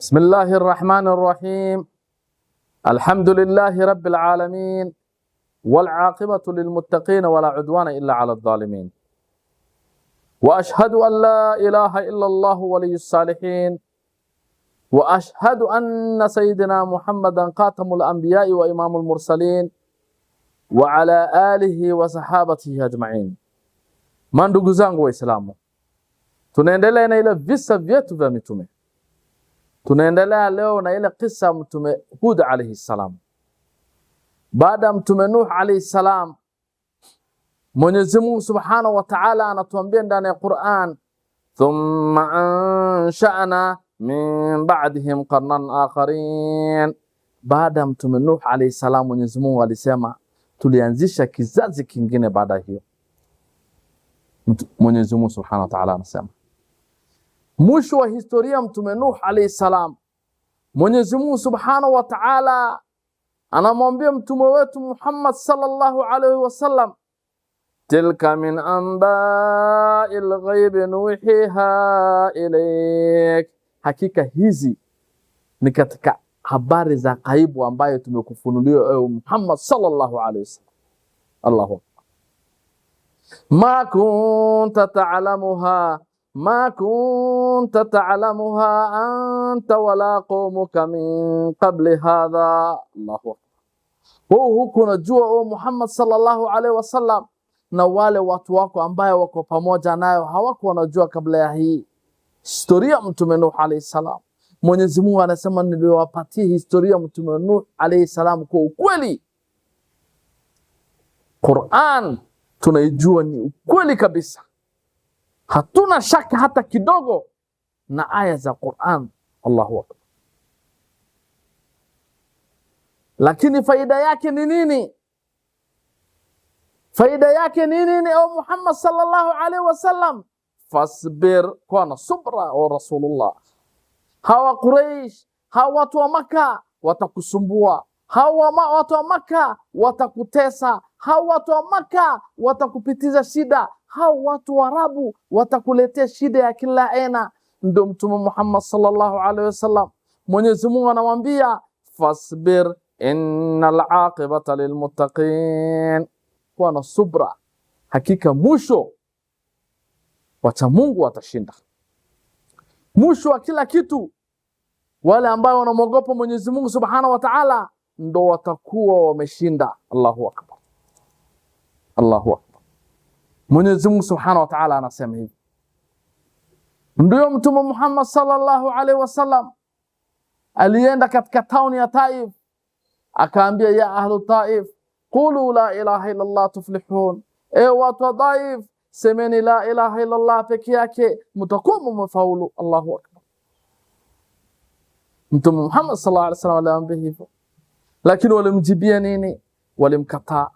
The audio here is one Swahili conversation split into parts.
بسم الله الرحمن الرحيم الحمد لله رب العالمين والعاقبة للمتقين ولا عدوان إلا على الظالمين وأشهد أن لا إله إلا الله ولي الصالحين وأشهد أن سيدنا محمدا قاتم الأنبياء وإمام المرسلين وعلى آله وصحابته أجمعين من دقزان وإسلامه تنين دلين إلى فيسا فيتو vya Tunaendelea leo na ile kisa mtume Hud alayhi salam. Baada ya mtume Nuh alayhi salam, Mwenyezi Mungu Subhanahu wa Ta'ala anatuambia ndani ya Qur'an, thumma ansha'na min ba'dihim qarnan akharin. Baada ya mtume Nuh alayhi salam, Mwenyezi Mungu alisema tulianzisha kizazi kingine baada hiyo. Mwenyezi Mungu Subhanahu wa Ta'ala anasema Mwisho wa historia Mtume Nuh alayhi salam, Mwenyezi Mungu Subhanahu wa Ta'ala anamwambia mtume wetu Muhammad sallallahu alayhi wasallam, tilka min anba'il ghaibi nuhiha ilayk, hakika hizi ni katika habari za ghaibu ambayo tumekufunulia ewe Muhammad sallallahu alayhi wasallam. Allahu ma kunta ta'lamuha ta ما كنت تعلمها أنت ولا قومك من قبل هذا الله أكبر wewe huku unajua o Muhammad sallallahu alaihi wasallam na wale watu wako ambaye wako pamoja nayo hawako wanajua kabla ya hii historia mtume Nuh alayhi salam. Mwenyezi Mungu anasema niliwapatia historia mtume Nuh alayhi salam kwa ukweli. Qur'an tunaijua ni ukweli kabisa. Hatuna shaka hata kidogo na aya za Quran. Allahu akbar! Lakini faida yake ni nini? Faida yake ni nini? O Muhammad sallallahu alaihi wasallam, fasbir kwa na subra o Rasulullah. Hawa Quraish, hawa watu wa Maka watakusumbua, hawa watu wa Maka watakutesa, hawa watu wa Maka watakupitiza shida hao watu Waarabu watakuletea shida ya kila aina. Ndio Mtume Muhammad sallallahu alaihi wasallam, Mwenyezi Mungu anamwambia fasbir innal aqibata lilmuttaqin, kuwa na subra, hakika mwisho wacha Mungu watashinda. Mwisho wa kila kitu, wale ambao wanamwogopa Mwenyezi Mungu subhanahu wa taala ndo watakuwa wameshinda. Allahu akbar, Allahu akbar. Mwenyezi Mungu Subhanahu wa Ta'ala anasema hivi. Ndio Mtume Muhammad sallallahu alaihi wasallam alienda katika tauni ya Taif, akaambia ya ahlu Taif, qulu la ilaha illa Allah tuflihun, e watu wa Taif, semeni la ilaha illa Allah peke yake mtakuwa mmefaulu. Allahu akbar. Mtume Muhammad sallallahu alaihi wasallam aliambia hivyo, lakini walimjibia nini? Walimkataa.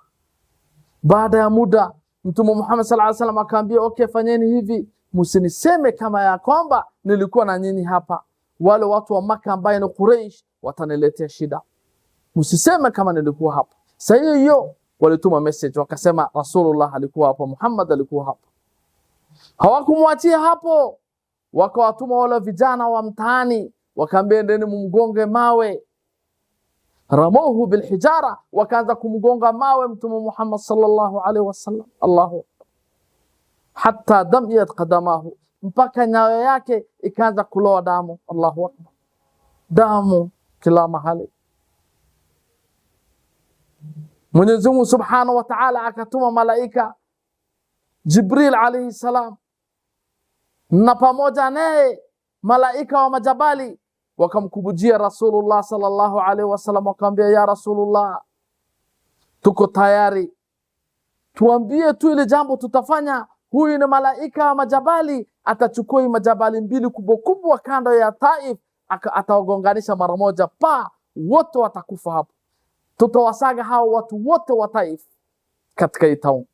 Baada ya muda Mtume Muhammad sallallahu alaihi wasallam akaambia, okay, fanyeni hivi, msiniseme kama ya kwamba nilikuwa na nyinyi hapa, wale watu wa Maka ambaye ni Quraysh wataniletea shida, msiseme kama nilikuwa hapa. Sasa hiyo hiyo walituma message wakasema, Rasulullah alikuwa hapa, Muhammad alikuwa hapa. Hawakumwachia hapo, wakawatuma wale vijana wa mtaani, wakaambia, endeni mumgonge mawe ramohu bilhijara, wakaanza kumgonga mawe Mtume Muhammad sallallahu alaihi wasallam. Allahu akbar, hatta damiyat qadamahu, mpaka nyayo yake ikaanza kuloa damu. Allahu akbar, damu kila mahali. Mwenyezi Mungu subhanahu wa ta'ala akatuma malaika Jibril alaihi salam, na pamoja naye malaika wa majabali wakamkubujia Rasulullah sallallahu alaihi wasallam, wakamwambia ya Rasulullah, tuko tayari, tuambie tu ile jambo tutafanya. Huyu ni malaika wa majabali, atachukua majabali mbili kubwa kubwa kando ya Taif, atawagonganisha mara moja, pa wote watakufa hapo. Tutawasaga hao watu wote wa Taif katika itaun.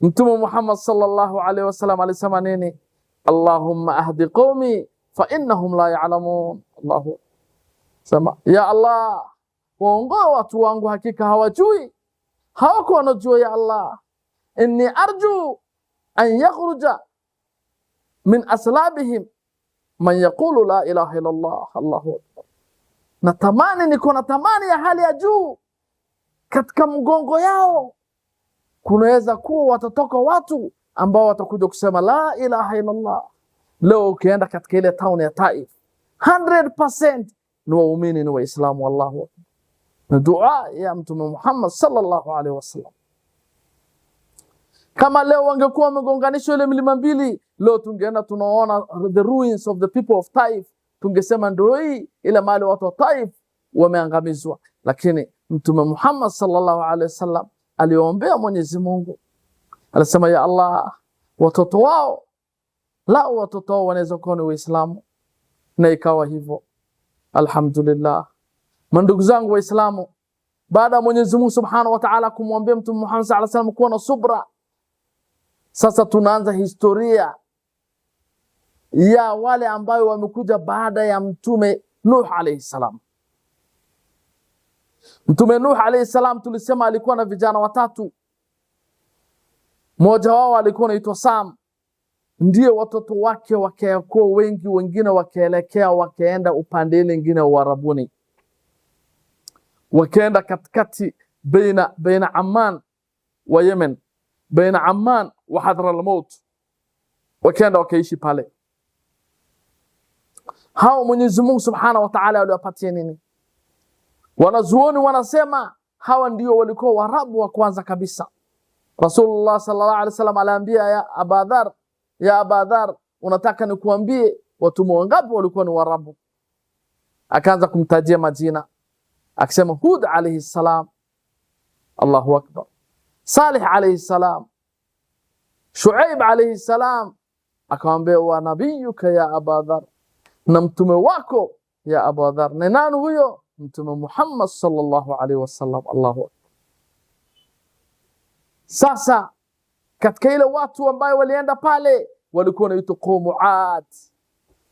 Mtume Muhammad sallallahu alaihi wasallam alisema nini? Allahumma ahdi qaumi fa innahum la ya'lamun. Allahu sema, ya Allah, waongoa watu wangu, hakika hawajui, hawako wanajua. Ya Allah, inni arju an yakhruja min aslabihim man yaqulu la ilaha illa Allah. Allahu akbar. Natamani, niko na tamani ya hali ya juu katika mgongo yao kunaweza kuwa watatoka watu ambao watakuja kusema la ilaha illa Allah Leo ukienda katika ile town ya Taif 100% ni waumini ni Waislamu, wallahu na dua ya Mtume Muhammad sallallahu alaihi wasallam. Kama leo wangekuwa wamegonganisha ile milima mbili, leo tungeenda tunaona the ruins of the people of Taif, tungesema ndio hii ile mali watu wa Taif wameangamizwa. Lakini Mtume Muhammad sallallahu alaihi wasallam aliombea Mwenyezi Mungu, alisema ya Allah, watoto wao lao watoto wao wanaweza kuwa ni Waislamu na ikawa hivyo. Alhamdulillah, mandugu zangu Waislamu, baada ya Mwenyezi Mungu Subhanahu wa Ta'ala kumwambia Mtume Muhammad sallallahu alaihi wasallam kuwa na subra, sasa tunaanza historia ya wale ambayo wamekuja baada ya Mtume Nuh alaihi salam. Mtume Nuh alaihi salam tulisema alikuwa na vijana watatu, mmoja wao alikuwa anaitwa Sam ndio watoto wake wakayakuwa wengi, wengine wakaelekea wakaenda upande ile ingine wa Uarabuni, wakaenda katikati baina baina Amman wa Yemen, baina Amman wa Hadra al-Maut, wakaenda wakaishi pale. Hao Mwenyezi Mungu Subhanahu wa Ta'ala aliwapatia nini? Wanazuoni wanasema hawa ndio walikuwa Waarabu wa kwanza kabisa. Rasulullah sallallahu alaihi wasallam aliambia ya Abadhar ya Abadhar, unataka nikuambie watumwa wangapi walikuwa ni Waarabu? Akaanza kumtajia majina akisema Hud alayhi salam, Allahu akbar, Salih alayhi salam, Shuaib alayhi salam. Akamwambia wa nabiyuka ya Abadhar, na mtume wako ya Abadhar ni nani huyo? Mtume Muhammad sallallahu alayhi wasallam. Allahu akbar. Sasa katika ile watu ambayo walienda pale walikuwa wanaitwa qaumu Ad,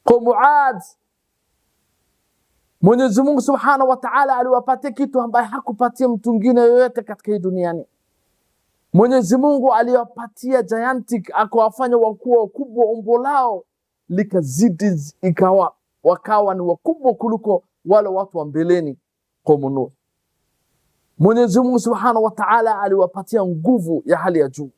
qaumu Ad. Mwenyezi Mungu Subhanahu wa Ta'ala aliwapatia kitu ambaye hakupatia mtu mwingine yoyote katika hii duniani. Mwenyezi Mungu aliwapatia gigantic, akawafanya wakuwa wakubwa, umbo lao likazidi, ikawa wakawa ni wakubwa kuliko wale watu wa mbeleni, qaumu Nuh. Mwenyezi Mungu Subhanahu wa Ta'ala aliwapatia nguvu ya hali ya juu.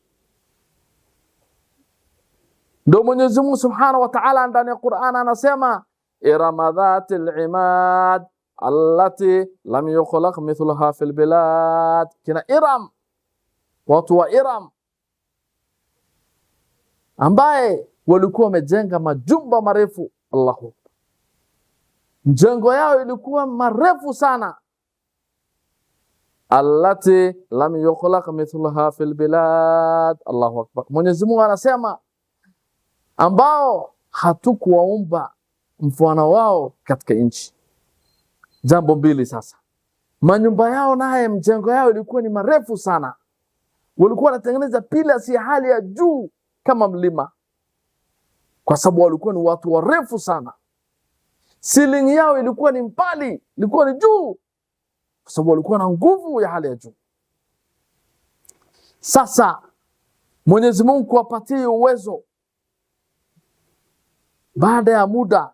Ndio Mwenyezi Mungu Subhanahu wa Ta'ala ndani ya Qur'an anasema iramadhatil imad allati lam yukhlaq mithlaha fil bilad, kina Iram, watu wa Iram ambaye walikuwa wamejenga majumba marefu. Allahu akbar, mjengo yao ilikuwa marefu sana. Allati lam yukhlaq mithlaha fil bilad. Allahu akbar, Mwenyezi Mungu anasema ambao hatukuwaumba mfano wao katika nchi. Jambo mbili sasa, manyumba yao naye mjengo yao ilikuwa ni marefu sana, walikuwa wanatengeneza pillars ya hali ya juu kama mlima, kwa sababu walikuwa ni watu warefu sana. Ceiling yao ilikuwa ni mbali, ilikuwa ni juu, kwa sababu walikuwa na nguvu ya hali ya juu. Sasa Mwenyezi Mungu uwezo baada ya muda,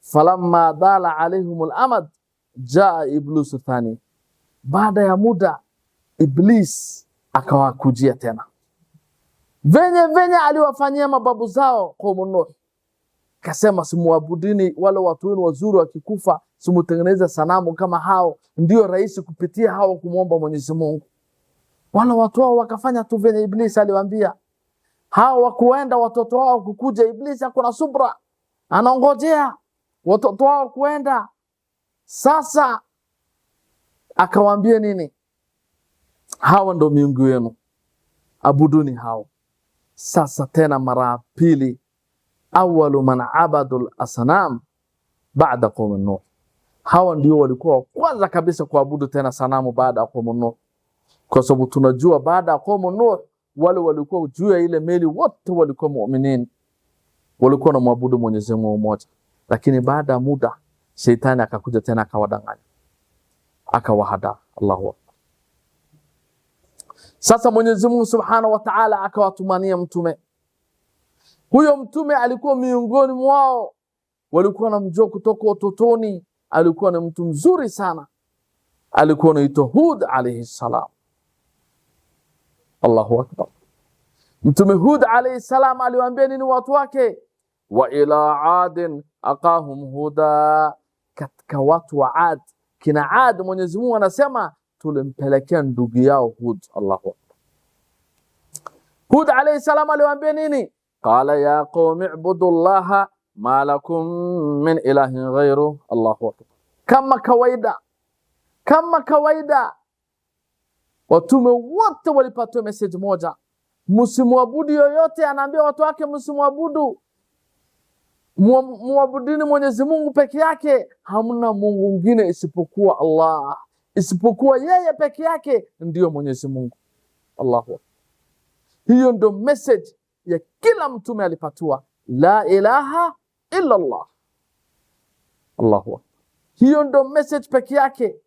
falamma dhala alaihim lamad jaa iblis thani, baada ya muda Iblis akawakujia tena, venye venye aliwafanyia mababu zao kaumu Nuh. Kasema, simuabudini wale watu wenu wazuri, wakikufa simutengeneze sanamu kama hao, ndio rahisi kupitia hao kumwomba Mwenyezi Mungu. Wala watu wao wakafanya tu venye Iblis aliwaambia hawakuenda watoto wao kukuja. Iblisi na subra, anaongojea watoto wao kuenda. Sasa akawaambia nini? Hawa ndo miungu yenu, abuduni hao. Sasa tena mara pili, awalu man abadu asnam baada qaumi Nuh, hawa ndio walikuwa kwanza kabisa kuabudu tena sanamu baada ya qaumi Nuh, kwa sababu tunajua baada ya qaumi Nuh wale walikuwa juu ya ile meli wote walikuwa muuminin, walikuwa na mwabudu Mwenyezi Mungu mmoja. Lakini baada ya muda sheitani akakuja tena akawadanganya, akawahada. Allahu akbar! Sasa Mwenyezi Mungu Subhanahu wa Ta'ala akawatumania mtume. Huyo mtume alikuwa miongoni mwao, walikuwa wanamjua kutoka utotoni, alikuwa ni mtu mzuri sana, alikuwa anaitwa Hud alaihi salam الله أكبر انتم هود عليه السلام علي وانبين انو واتواك وإلى عاد أقاهم هودا كتكوات وعاد كنا عاد من يزمو ونسمع تولم بلكن دوغيا هود الله أكبر هود عليه السلام علي وانبين اني قال يا قوم اعبدوا الله ما لكم من إله غيره الله أكبر كما كويدا كما كويدا Watume wote walipatiwa message moja, msimwabudu yoyote. Anaambia watu wake msimwabudu, muabudini Mwenyezi Mungu peke yake, hamna Mungu mwingine isipokuwa Allah, isipokuwa yeye peke yake ndiyo Mwenyezi Mungu. Allahu, hiyo ndo message ya kila mtume alipatiwa, la ilaha illa Allah. Allahu, hiyo ndo message peke yake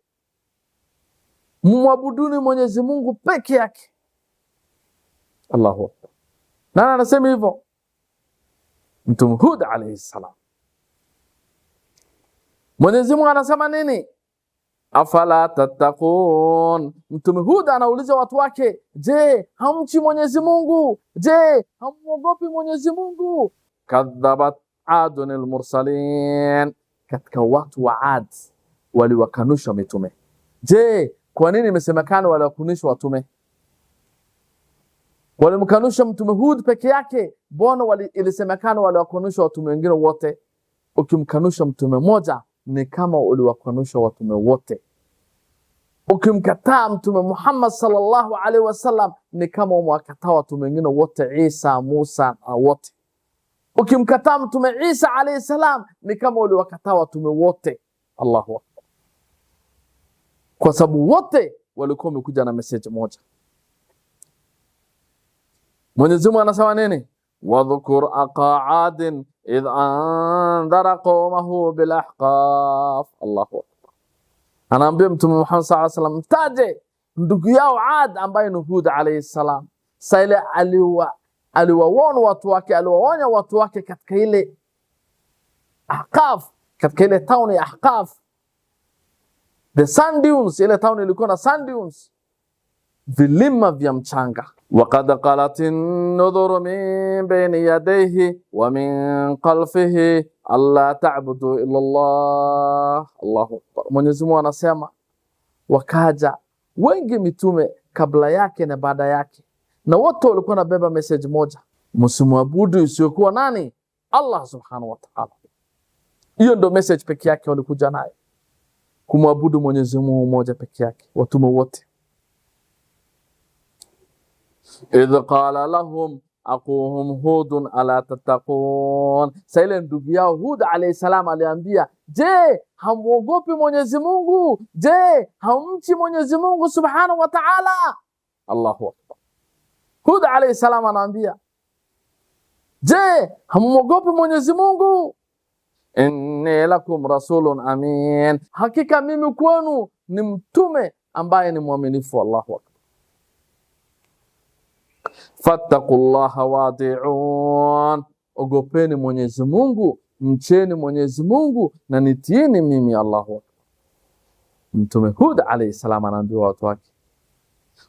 mwabuduni Mwenyezi Mungu peke yake. Allahu akbar! Nani anasema hivyo? Mtume Hud alayhi salam. Mwenyezi Mungu anasema nini? Afala tattaqun. Mtume Hud anauliza watu wake, je, hamchi Mwenyezi Mungu? Je, hamuogopi Mwenyezi Mungu? Kadhabat adun almursalin, katika watu wa Ad waliwakanusha mitume. Je, kwa nini imesemekana waliokunishwa watume? Walimkanusha mtume Hud peke yake, mbona ilisemekana waliokunishwa watume wengine wote? Ukimkanusha mtume mmoja ni kama uliwakanusha watume wote. Ukimkataa mtume Muhammad sallallahu alaihi wasallam ni kama umewakataa watume wengine wote, Isa, Musa na wote. Ukimkataa mtume Isa alaihi salam ni kama uliwakataa watume wote. Allahu akbar. kwa sababu wote walikuwa wamekuja na message moja. Mwenyezi Mungu anasema nini? wadhkur aqaadin idh andhara qaumahu ahqaf. Allahu akbar, anaambia Mtume Muhammad saa wasallam, mtaje ndugu yao Ad ambaye ni Hud alayhi salam. Saile aliwa aliwaona watu wake, aliwaonya watu wake katika ile Ahqaf, katika ile town ya Ahqaf The sand dunes, ile town ilikuwa na sand dunes, vilima vya mchanga. Waqad qalatin nudhuru min bayni yadayhi wa min khalfihi alla ta'budu illa Allah. Allahu akbar. Mwenyezi Mungu anasema wakaja wengi mitume kabla yake na baada yake, na wote walikuwa nabeba message moja, msimwabudu isiyokuwa nani? Allah subhanahu wa ta'ala. Hiyo ndo message pekee yake walikuja nayo kumwabudu Mwenyezi Mungu mmoja peke yake, watume wote. idh qala lahum aquhum hudun ala tattaqun, saile ndugu yao Hud alayhi salam aliambia, je, hamwogopi Mwenyezi Mungu? Je, hamchi Mwenyezi Mungu subhanahu wa ta'ala? Allahu akbar. Hud alayhi salam anaambia, je, hamwogopi Mwenyezi Mungu? inni lakum rasulun amin, hakika mimi kwenu ni mtume ambaye ni mwaminifu. Allahu akbar. Fattaqullaha watiun, ogopeni Mwenyezi Mungu, mcheni Mwenyezi Mungu na nitieni mimi. Allahu akbar. Mtume Hud alayhi salam anaambia watu wake,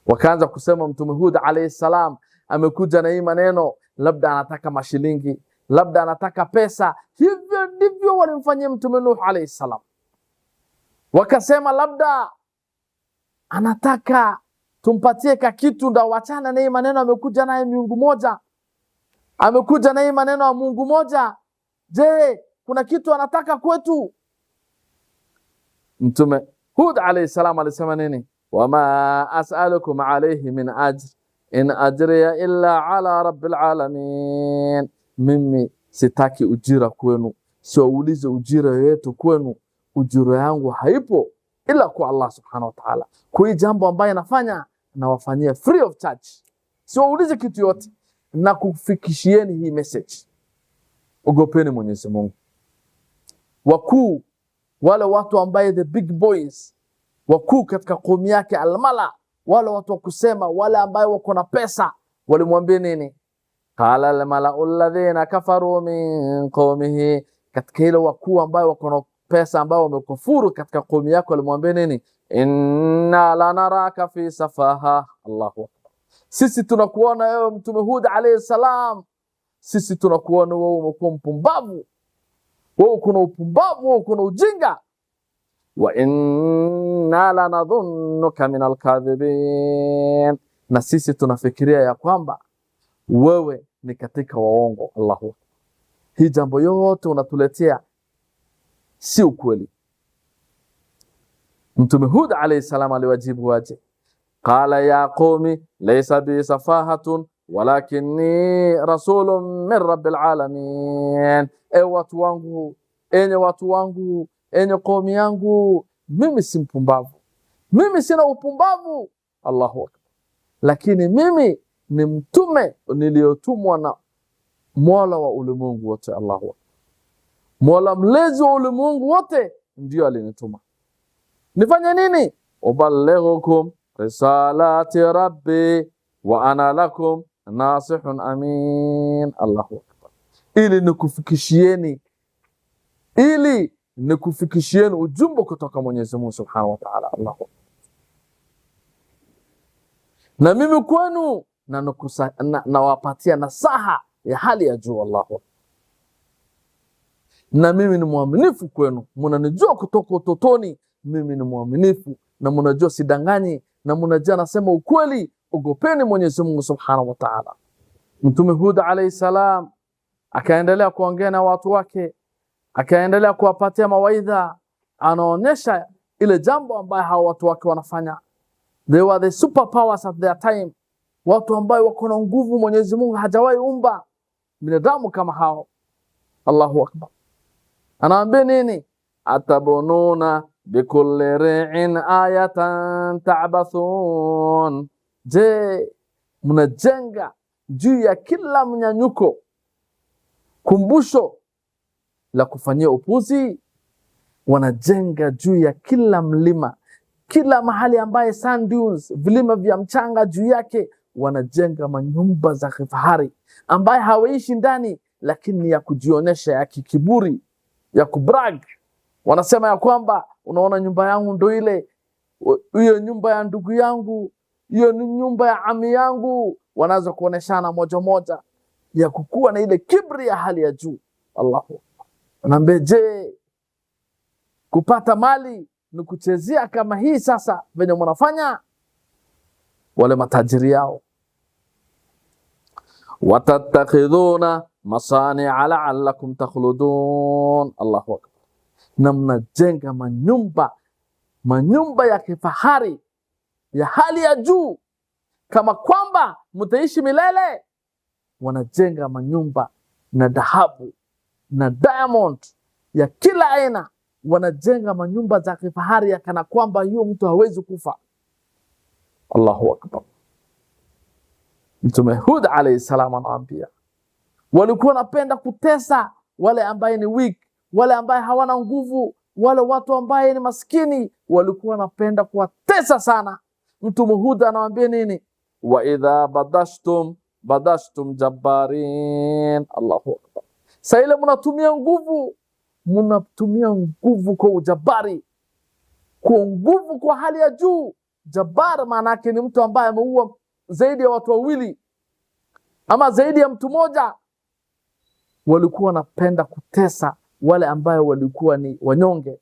wakaanza kusema Mtume Hud alayhi salam amekuja na hii maneno, labda anataka mashilingi, labda anataka pesa hivi hivyo ndivyo walimfanyia mtume Nuh alayhi salam. Wakasema labda anataka tumpatie ka kitu ndo wachana naye maneno, amekuja naye miungu moja, amekuja naye maneno ya Mungu moja. Je, kuna kitu anataka kwetu? Mtume Hud alayhi salam alisema nini? wama as'alukum alayhi min ajr in ajriya illa ala rabbil alamin, mimi sitaki ujira kwenu siwaulize ujira yetu kwenu, ujira yangu haipo ila kwa Allah subhanahu wa ta'ala. Kwa hiyo jambo ambayo nafanya nawafanyia free of charge, siwaulize kitu yote na kufikishieni hii message. Ogopeni Mwenyezi Mungu. Wakuu wale watu ambaye the big boys wakuu katika kumi yake almala, wale watu wakusema, wale ambaye wako na pesa, walimwambia nini? Qala almala alladhina kafaru min qaumihi katika ile wakuu ambao wako na pesa ambao wamekufuru katika kaumi yako, alimwambia nini? Inna la naraka fi safaha. Allahu sisi tunakuona wewe Mtume Hud alayhi salam, sisi tunakuona wewe umekuwa mpumbavu, wewe kuna upumbavu, wewe kuna ujinga. Wa inna la nadhunnuka min alkadhibin, na sisi tunafikiria ya kwamba wewe ni katika waongo. Allahu akbar hii jambo yote unatuletea si ukweli. Mtume Hud alayhi salam aliwajibu waje, Qala ya qaumi laysa bi safahatun walakinni rasulun min rabbil alamin, e watu wangu, enye watu wangu, enye qaumi yangu, mimi si mpumbavu, mimi sina upumbavu. Allahu akbar, lakini mimi ni mtume niliyotumwa na mola wa ulimwengu wote, Allahu mola mlezi wa ulimwengu wote, ndio alinituma nifanye nini? ubalighukum risalati rabbi wa ana lakum nasihun amin. Allahu akbar, ili nikufikishieni, ili nikufikishieni ujumbe kutoka Mwenyezi Mungu subhanahu wa ta'ala. Allahu na mimi kwenu nawapatia na, na nasaha ya hali ya juu. Wallahu, na mimi ni mwaminifu kwenu, mnanijua kutoka utotoni, mimi ni mwaminifu na mnajua sidanganyi na mnajua nasema ukweli. Ogopeni Mwenyezi Mungu Subhanahu wa Ta'ala. Mtume Hud alayhi salam akaendelea kuongea na watu wake, akaendelea kuwapatia mawaidha, anaonyesha ile jambo ambayo hao watu wake wanafanya. They were the superpowers at their time, watu ambao wako na nguvu Mwenyezi Mungu hajawahi umba binadamu kama hao. Allahu akbar, anaambia nini? atabununa bikulli ri'in ayatan ta'bathun, je mnajenga juu ya kila mnyanyuko kumbusho la kufanyia upuzi. Wanajenga juu ya kila mlima, kila mahali ambaye sand dunes, vilima vya mchanga juu yake wanajenga manyumba za kifahari ambaye hawaishi ndani, lakini ya kujionyesha, ya kikiburi, ya kubrag. Wanasema ya kwamba unaona, nyumba yangu ndo ile, hiyo nyumba ya ndugu yangu, hiyo ni nyumba ya ami yangu. Wanaweza kuoneshana moja moja ya kukuwa na ile kibri ya hali ya juu. Allahu anaambia, je, kupata mali ni kuchezea kama hii sasa venye mnafanya wale matajiri yao? watattakhidhuna masania laalakum takhludun. Allahu akbar! Na mnajenga manyumba manyumba ya kifahari ya hali ya juu, kama kwamba mtaishi milele. Wanajenga manyumba na dhahabu na diamond ya kila aina, wanajenga manyumba za kifahari ya kana kwamba hiyo mtu hawezi kufa. Allahu akbar! Mtume Hud alayhi salam anawaambia walikuwa wanapenda kutesa wale ambaye ni weak, wale ambaye hawana nguvu, wale watu ambaye ni maskini, walikuwa wanapenda kuwatesa sana. Mtume Hud anawaambia nini? wa idha badashtum badashtum jabbarin. Allahu akbar! Sasa ile mnatumia nguvu, mnatumia nguvu kwa ujabari, kwa nguvu kwa hali ya juu. Jabbar maana yake ni mtu ambaye ameua zaidi ya watu wawili ama zaidi ya mtu mmoja, walikuwa wanapenda kutesa wale ambayo walikuwa ni wanyonge.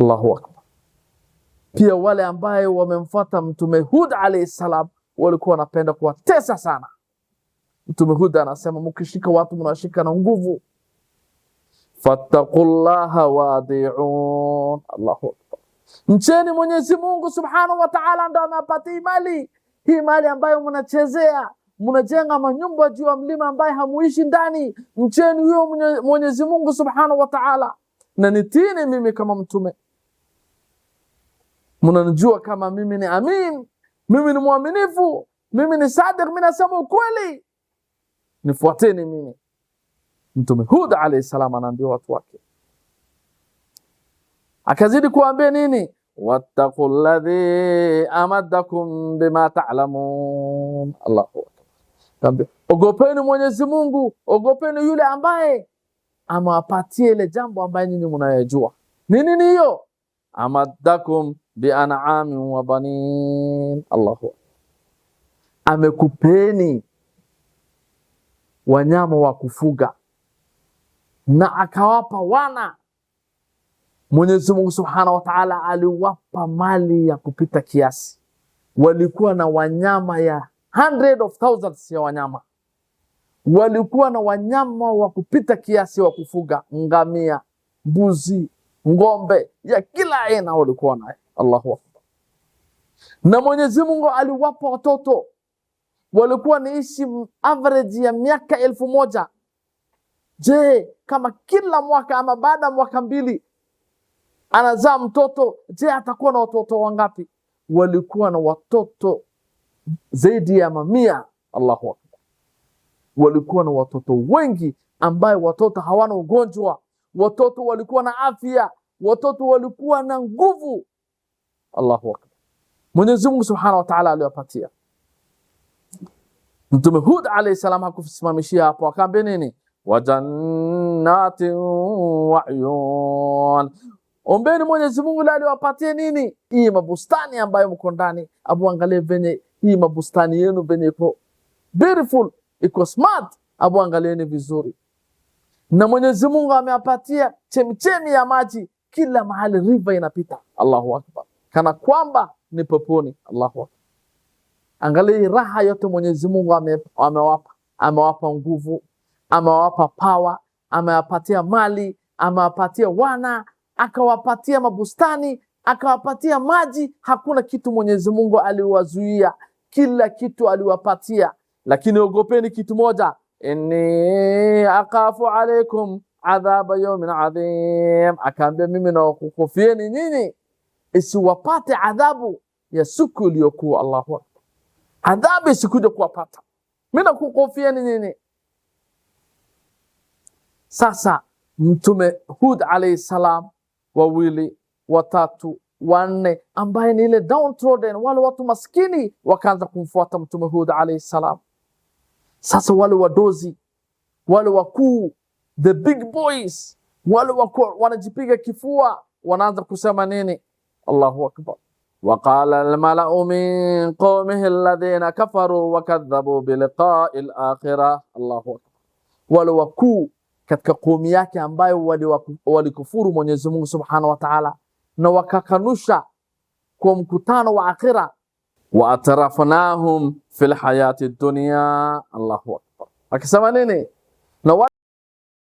Allahu akbar! Pia wale ambayo wamemfuata Mtume Hud alayhi salam walikuwa wanapenda kuwatesa sana. Mtume Hud anasema, mkishika watu mnashika na nguvu, fattaqullaha wadiun. Allahu akbar! Mcheni Mwenyezi Mungu subhanahu wa taala, ndo amewapatia mali hii, mali ambayo mnachezea mnajenga manyumba juu ya mlima ambaye hamuishi ndani. Mcheni huyo Mwenyezi Mungu subhanahu wa taala, na nitini mimi kama mtume. Mnanijua kama mimi ni amin, mimi ni mwaminifu, mimi ni sadiq, mimi nasema ukweli, nifuateni mimi. Mtume Hud alayhi salam anaambia watu wake Akazidi kuambia nini? wattaqu ladhi amadakum bima ta'lamun. Allahu akbar, ogopeni Mwenyezi Mungu, ogopeni yule ambaye amewapatia ile jambo ambaye nini mnayojua. Ni nini hiyo? amadakum bian'amin wa banin. Allahu amekupeni wanyama wa kufuga na akawapa wana Mwenyezi Mungu Subhanahu wa Ta'ala aliwapa mali ya kupita kiasi, walikuwa na wanyama ya hundred of thousands ya wanyama, walikuwa na wanyama wa kupita kiasi wa kufuga, ngamia, mbuzi, ng'ombe ya kila aina walikuwa naye. Allahu akbar! Na Mwenyezi Mungu aliwapa watoto, walikuwa niishi average ya miaka elfu moja. Je, kama kila mwaka ama baada ya mwaka mbili anazaa mtoto. Je, atakuwa na watoto wangapi? Walikuwa na watoto zaidi ya mamia. Allahu akbar! Walikuwa na watoto wengi, ambaye watoto hawana ugonjwa, watoto walikuwa na afya, watoto walikuwa na nguvu. Allahu akbar! Mwenyezi Mungu Subhanahu wa Ta'ala aliwapatia. Mtume Hud alayhi salam hakusimamishia hapo, akaambia nini? wa jannatin wa uyun Ombeni Mwenyezi Mungu la aliwapatie nini hii mabustani ambayo mko ndani. Abu angalie venye hii mabustani yenu venye iko beautiful, iko smart. Abu angalieni vizuri, na Mwenyezi Mungu ameapatia chemchemi ya maji kila mahali, river inapita. Allahu akbar, kana kwamba ni peponi. Allahu akbar, angalie raha yote Mwenyezi Mungu amewapa, amewapa nguvu, amewapa power, amewapatia mali, amewapatia wana akawapatia mabustani, akawapatia maji. Hakuna kitu Mwenyezi Mungu aliwazuia, kila kitu aliwapatia. Lakini ogopeni kitu moja, inni akafu alaikum adhaba yawmin adhim, akaambia mimi nakukufieni nyinyi isiwapate adhabu ya siku iliyokuwa. Allahu akbar, adhabu isikuja kuwapata, mi nakukufieni nyinyi. Sasa Mtume Hud alayhi salam wawili, watatu, wanne, ambaye ni ile downtrodden, wale watu maskini wakaanza kumfuata Mtume Hud alayhi salam. Sasa wale wadozi, wale wakuu, the big boys, wale wako wanajipiga kifua, wanaanza kusema nini? Allahu akbar. وقال الملأ من قومه الذين كفروا وكذبوا بلقاء الآخرة الله أكبر ولو كو katika kaumi yake ambayo walikufuru wali Mwenyezi Mungu Subhanahu wa Ta'ala, na wakakanusha kwa mkutano wa akhira. Waatarafnahum fil hayati dunya, Allahu akbar, akisema nini?